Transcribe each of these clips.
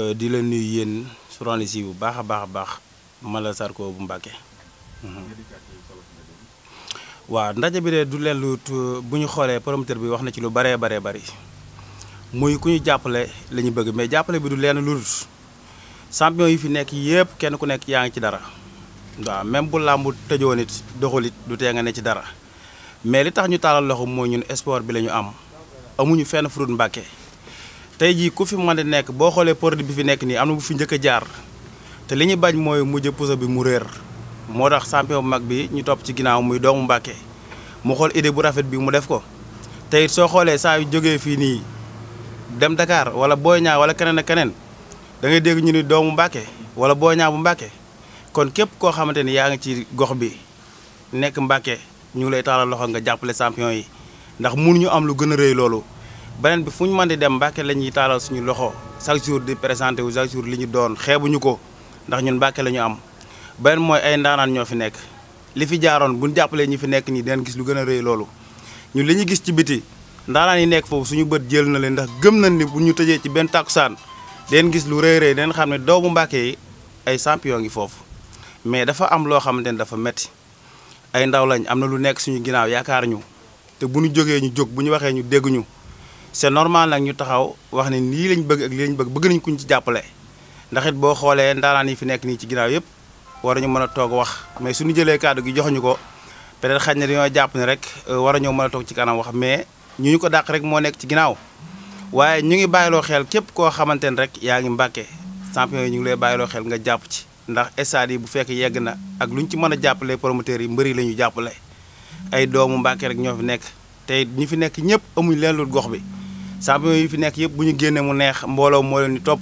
Euh, di la nuyu yéen journaliste yi bu baax a baax a baax Sarko bu Mbàkke mhm. waaw ndaje bi de du leen bu ñu xoolee promoteur bi wax na ci lu baree baree bari muy ku ñu jàppale la ñu bëgg mais jàppale bi du leen lu dul champion yi fi nekk yëpp kenn ku nekk yaa ngi ci dara waaw même bu làmb tëjoon it du tee nga ne ci dara mais li tax ñu taalal loxo mooy ñun sport bi lañu ñu am amuñu fenn fruit Mbàkke tey jii ku fi mën a nekk boo xoolee produit bi fi nekk nii am na bu fi njëkk jaar te li ñu bañ mooy mujj puso bi mu réer moo tax champion bu mag bi ñu topp ci ginnaaw muy doomu Mbàkke mu xool idée bu rafet bi mu def ko tey soo xoolee saa yu jógee fii nii dem Dakar wala Boy Niang wala keneen ak keneen da ngay dégg ñu ni doomu Mbàkke wala Boy Niang bu Mbàkke kon képp koo xamante ni yaa ngi ci gox bi nekk Mbàkke ñu ngi lay taalal loxo nga jàppale champion yi ndax mënuñu am lu gën a rëy loolu beneen bi fu ñu mën di dem Mbàkke la ñuy taalal suñu loxo chaque jour di présenté wu chaque jour li ñu doon xeebuñu ko ndax ñun Mbàkke lañu am beneen mooy ay ndaanaan ñoo fi nekk li fi jaaroon bu buñ jàppalee ñu fi nekk nii den gis lu gën a rëy loolu ñun li ñu gis ci biti ndaanaan yi nekk foofu suñu bët jël na leen ndax gëm nañ ni bu ñu tëjee ci benn tàkkusaan dinañ gis lu rëy rëy dinañ xam ne doomu Mbàkke yi ay champion ngi foofu mais dafa am loo xamante ne dafa metti ay ndaw lañ am na lu nekk suñu ginnaaw yaakaar ñu te bu ñu jógee ñu jóg bu ñu waxee ñu dégg c'est normal nag ñu taxaw wax ne nii lañ bëgg ak lii lañ bëgg bëgg nañ kuñ ci jàppale ndax it boo xoolee ndaanaan yi fi nekk nii ci ginnaaw yëpp waruñu mën a toog wax mais suñu jëlee kaado gi joxuñu ko peut-être xaj na dañoo jàpp ne rek euh, ñoo mën a toog ci kanam wax mais ñu ñu ko dàq rek moo nekk ci ginnaaw waaye ñu ngi bàyyiloo xel képp koo xamante ne rek yaa ngi mbàkke champion yi ñu ngi lay bàyyiloo xel nga jàpp ci ndax stade yi bu fekk yegg na ak lu ñu ci mën a jàppale promoteurs yi mbëri la jàppale ay doomu mbàkke rek ñoo fi nekk te ñu fi nekk ñëpp amuñ leen gox bi champion yi fi nekk yëpp bu ñu génnee mu neex mbooloo moo leen di topp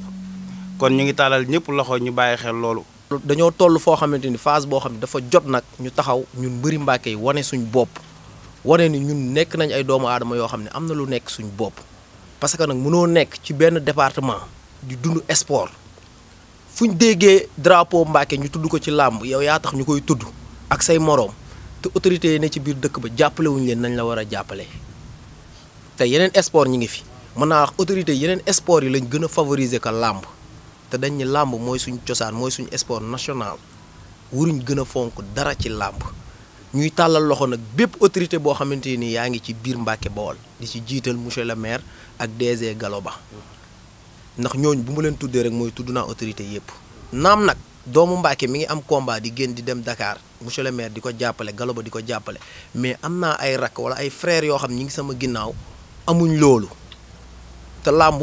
kon ñu ngi taalal ñëpp loxo ñu bàyyi xel loolu. dañoo toll foo xamante ni phase boo xam ne dafa jot nag ñu taxaw ñu mbëri Mbàkke yi wane suñu bopp wane ni ñun nekk nañ ay doomu aadama yoo xam ne am na lu nekk suñu bopp. parce que nag mënoo nekk ci benn département di dund sport fuñ déggee drapo Mbàkke ñu tudd ko ci làmb yow yaa tax ñu koy tudd ak say moroom te autorités yi ne ci biir dëkk ba jàppale leen nañ la war a jàppale te yeneen sport ñi ngi fi. mën naa wax autorité yeneen sport yi lañ gën a favoriser que làmb te dañ làmb mooy suñ cosaan mooy suñ sport national waruñ gën a fonk dara ci làmb ñuy tàllal loxo nag bépp autorité boo xamante ni yaa ngi ci biir Mbàkke Bawol di ci jiital monsieur le maire ak DG Gallo Ba ndax ñooñu bu ma leen tuddee rek mooy tudd naa autorité yëpp naam nag doomu Mbàkke mi ngi am combat di génn di dem dakaar monsieur le maire di ko jàppale galo Ba di ko jàppale mais am naa ay rakk wala ay frères yoo xam ñi ngi sama ginnaaw amuñ loolu te làmb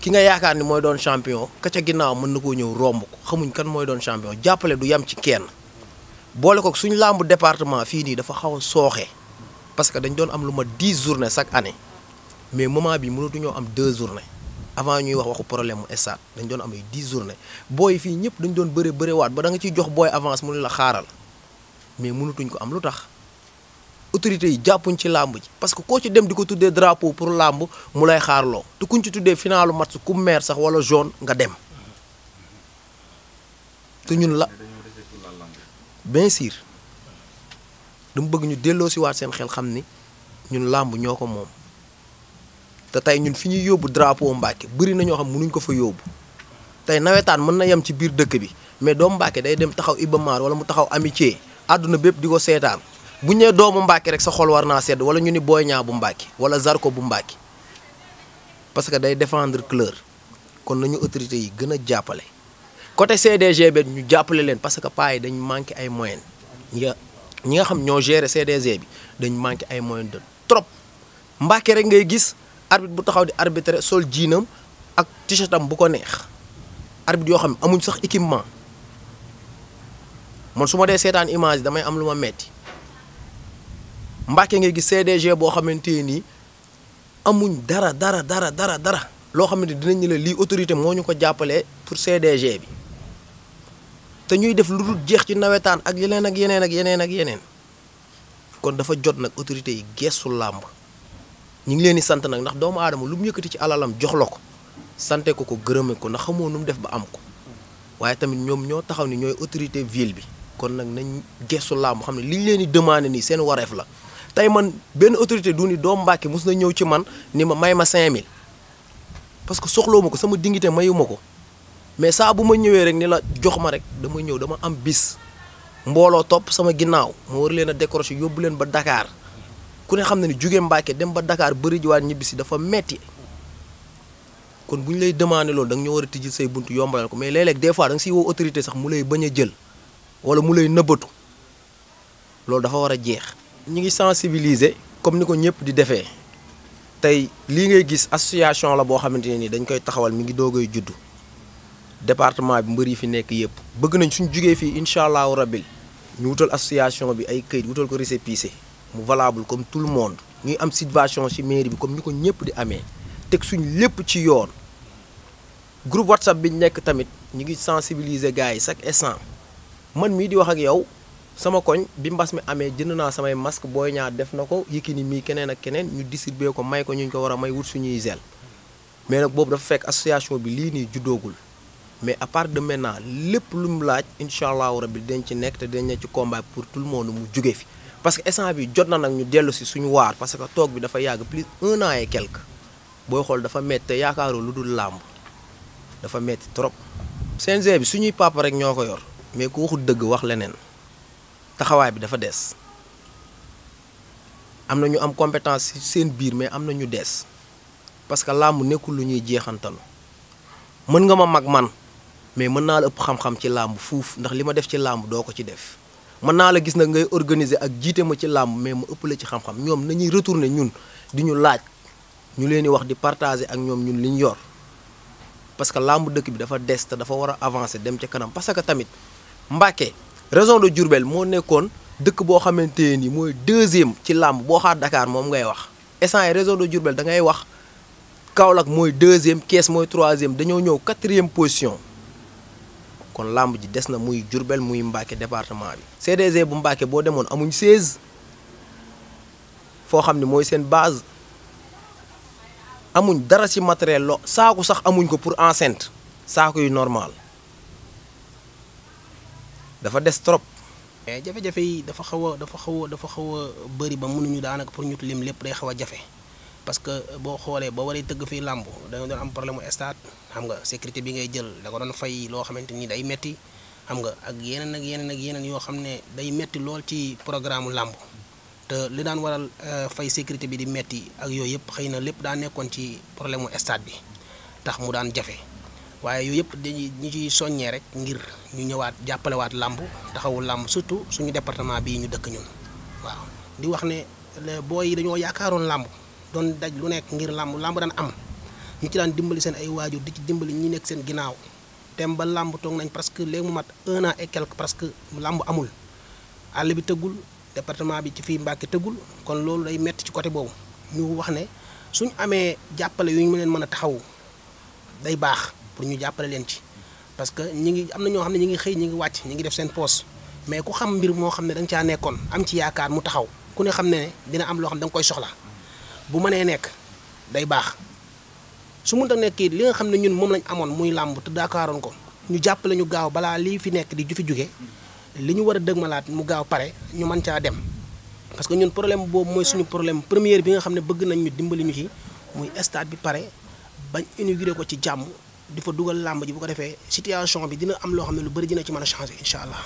ki nga yaakaar ni mooy doon champion ka ca ginnaaw mën na koo ñëw romb ko xamuñ kan mooy doon champion jàppale du yam ci kenn boole ko suñ làmbu département fii nii dafa xaw a sooxe parce que dañ doon am lu ma dix journées chaque année mais moment bi mënatu ñoo am deux journées avant ñuy wax waxu problème mu stade dañ doon am ay dix journées booy fii ñëpp dañ doon bëre bëre waat ba da nga ciy jox booy avance mu ne la xaaral mais mënatuñ ko am lu tax autorités yi jàppuñ ci làmb ji parce que koo ci dem di ko tuddee drapeau pour làmb mu lay xaarloo te kuñ ci tuddee finalu match ku meer sax wala jaune nga dem te ñun la bien sûr dama bëgg ñu delloo si waat seen xel xam ni ñun làmb ñoo ko moom te tey ñun fi ñuy yóbbu drapeau Mbàkke bari na ñoo xam nuñ ko fa yóbbu tey nawetaan mën na yem ci biir dëkk bi mais doomu Mbàkke day dem taxaw Ibamar wala mu taxaw amitié àdduna bépp di ko seetaan bu ñëwee doomu Mbacké rek sa xol war naa sedd wala ñu ni Boy Niang bu Mbacké wala Zarko bu Mbacké parce que day défendre cleurs kon nañu autorité yi gën a jàppale côté CDG bi ñu jàppale leen parce que paa yi dañ ay moyens ñi nga ñi nga xam ñoo gérer CDG bi dañu manqué ay moyens de trop Mbacké rek ngay gis arbitre bu taxaw di arbitrer sol jiinam ak t-shirtam bu ko neex arbitre yoo xam ne amuñ sax équipement man su ma dee seetaan image damay am lu ma metti Mbàkke ngay gis CDG boo xamante nii amuñ dara dara dara dara dara loo xamante dinañ ne la lii autorité moo ñu ko jàppalee pour CDG bi te ñuy def lu dul jeex ci nawetaan ak yeneen ak yeneen ak yeneen ak yeneen kon dafa jot nag autorité yi geestu làmb ñu ngi leen di sant nag ndax doomu aadama lu mu yëkkati ci alalam jox la ko sante ko ko gërëme ko na xamoo nu mu def ba am ko waaye tamit ñoom ñoo taxaw ni ñooy autorité ville bi kon nag nañ geestu làmb xam ne li ñu leen di demandé nii seen wareef la tey man benn autorité du ni doomu Mbàkke mos na ñëw ci man ni ma may ma 5000 parce que soxloo ma ko sama dignité mayuma ko mais saa bu ma ñëwee rek ni la jox ma rek dama ñëw dama am bis mbooloo topp sama ginnaaw ma war leen a décrocher yóbbu leen ba Dakar ku ne xam na ni jóge Mbàkke dem ba Dakar bëri jiwaat ñibbisi dafa metti kon bu lay demandé loolu da nga war a tijji say buntu yombalal ko mais léeg des fois da nga siy woo autorité mu lay bañ a jël wala mu lay nëbbatu loolu dafa war a jeex. ñu ngi sensibiliser comme ni ko ñëpp di defee tey lii ngay gis association la boo xamante ne ni dañ koy taxawal mi ngi doogay juddu département bi mbër yi fi nekk yëpp bëgg nañ suñ jugee fii incha allahu rabbi ñu wutal association bi ay këyit wutal ko récépissé mu valable comme tout le monde ñuy am situation ci maire bi comme ni ko ñëpp di amee teg suñ lépp ci yoon groupe whatsapp bi ñu nekk tamit ñu ngi sensibiliser gars yi chaque instant man mii di wax ak yow. sama koñ bi mbas mi amee jënd naa samay masque booy ñaar def na ko Yékini mii keneen ak keneen ñu distribué ko may ko ñu ko war a may wut suñuy gel mais nag boobu dafa fekk association bi lii nii juddoogul mais à part de maintenant lépp lu mu laaj incha allahu bi dañ ci nekk te dañ ne ci combat pour tout le monde mu jugee fi parce que instant bi jot na nag ñu dellu si suñu waar parce que toog bi dafa yàgg plus un an et quelque booy xool dafa métti te yaakaaroo lu dul làmb dafa métti trop. CNG bi suñuy papa rek ñoo ko yor mais ku dëgg wax leneen. taxawaay bi dafa des am na ñu am compétence ci seen biir mais am na ñu des parce que làmb nekkul lu ñuy jeexantalu mën nga ma mag man mais mën naa la ëpp xam-xam ci làmb fuuf ndax li ma def ci làmb doo ko ci def mën naa la gis nag ngay organiser ak jiite ma ci làmb mais ma ëpp la ci xam-xam ñoom nañuy retourner ñun di ñu laaj ñu leen di wax di partager ak ñoom ñun li ñu yor parce que làmb dëkk bi dafa des te dafa war a avancer dem ca kanam parce que tamit Mbàkke région de Diourbel moo nekkoon dëkk boo xamante ni mooy deuxième ci làmb boo xaar dakaar moom ngay wax instant yi de Diourbel da ngay wax Kaolack mooy deuxième Kees mooy troisième dañoo ñëw quatrième position kon làmb ji des na muy Diourbel muy Mbacké département bi CDG bu Mbacké boo demoon amuñ 16 foo xam ne mooy seen base amuñ dara ci matériel lo saaku sax amuñ ko pour enceinte saaku yi normal dafa des trop. mais jafe-jafe yi dafa xaw a dafa xaw dafa xaw a bëri ba mënuñu daanaka pour ñu lim lépp day xaw a jafe parce que boo xoolee ba waree tëgg fii làmb dañoo doon am problème mu stade xam nga sécurité bi ngay jël da doon fay loo xamante ni day metti xam nga ak yeneen ak yeneen ak yeneen yoo xam ne day metti lool ci programme làmb te li daan waral euh, fay sécurité bi di metti ak yooyu yëpp xëy na lépp daa nekkoon ci problème mu stade bi tax mu daan jafe. waaye yooyu yëpp dañuy ñi ciy soññee rek ngir ñu ñëwaat jàppalewaat làmb taxawul làmb surtout suñu département bii ñu dëkk ñun waaw di wax ne booy yi dañoo yaakaaroon làmb doon daj lu nekk ngir làmb làmb daan am ñu ci daan dimbali seen ay waajur di ci dimbali ñu nekk seen ginnaaw dem ba làmb toog nañ presque léegi mu mat un an et quelque parce que làmb amul àll bi tëggul département bi ci fii Mbàkke tëggul kon loolu day metti ci côté boobu ñu wax ne suñ amee jàppale yu ñu leen mën a taxawu day baax pour ñu jàppale leen ci parce que ñi ngi am na ñoo xam ne ñu ngi xëy ñu ngi wàcc ñu ngi def seen poos mais ku xam mbir moo xam ne da nga am ci yaakaar mu taxaw ku ne xam ne dina am loo xam koy soxla bu mënee nekk day baax su mënta nekkee li nga xam ne ñun moom lañ amoon muy làmb te daakaaroon ko ñu jàppale ñu gaaw balaa lii fi nekk di ju fi jóge li ñu war a dëgmalaat mu gaaw pare ñu mën caa dem parce que ñun problème boobu mooy suñu problème première bi nga xam ne bëgg nañu dimbali ñu ci muy stade bi pare bañ inauguré ko ci jàmm di fa dugal làmb ji bu ko defee situation bi dina am loo xam ne lu bëri dina ci mën a changer incha allah.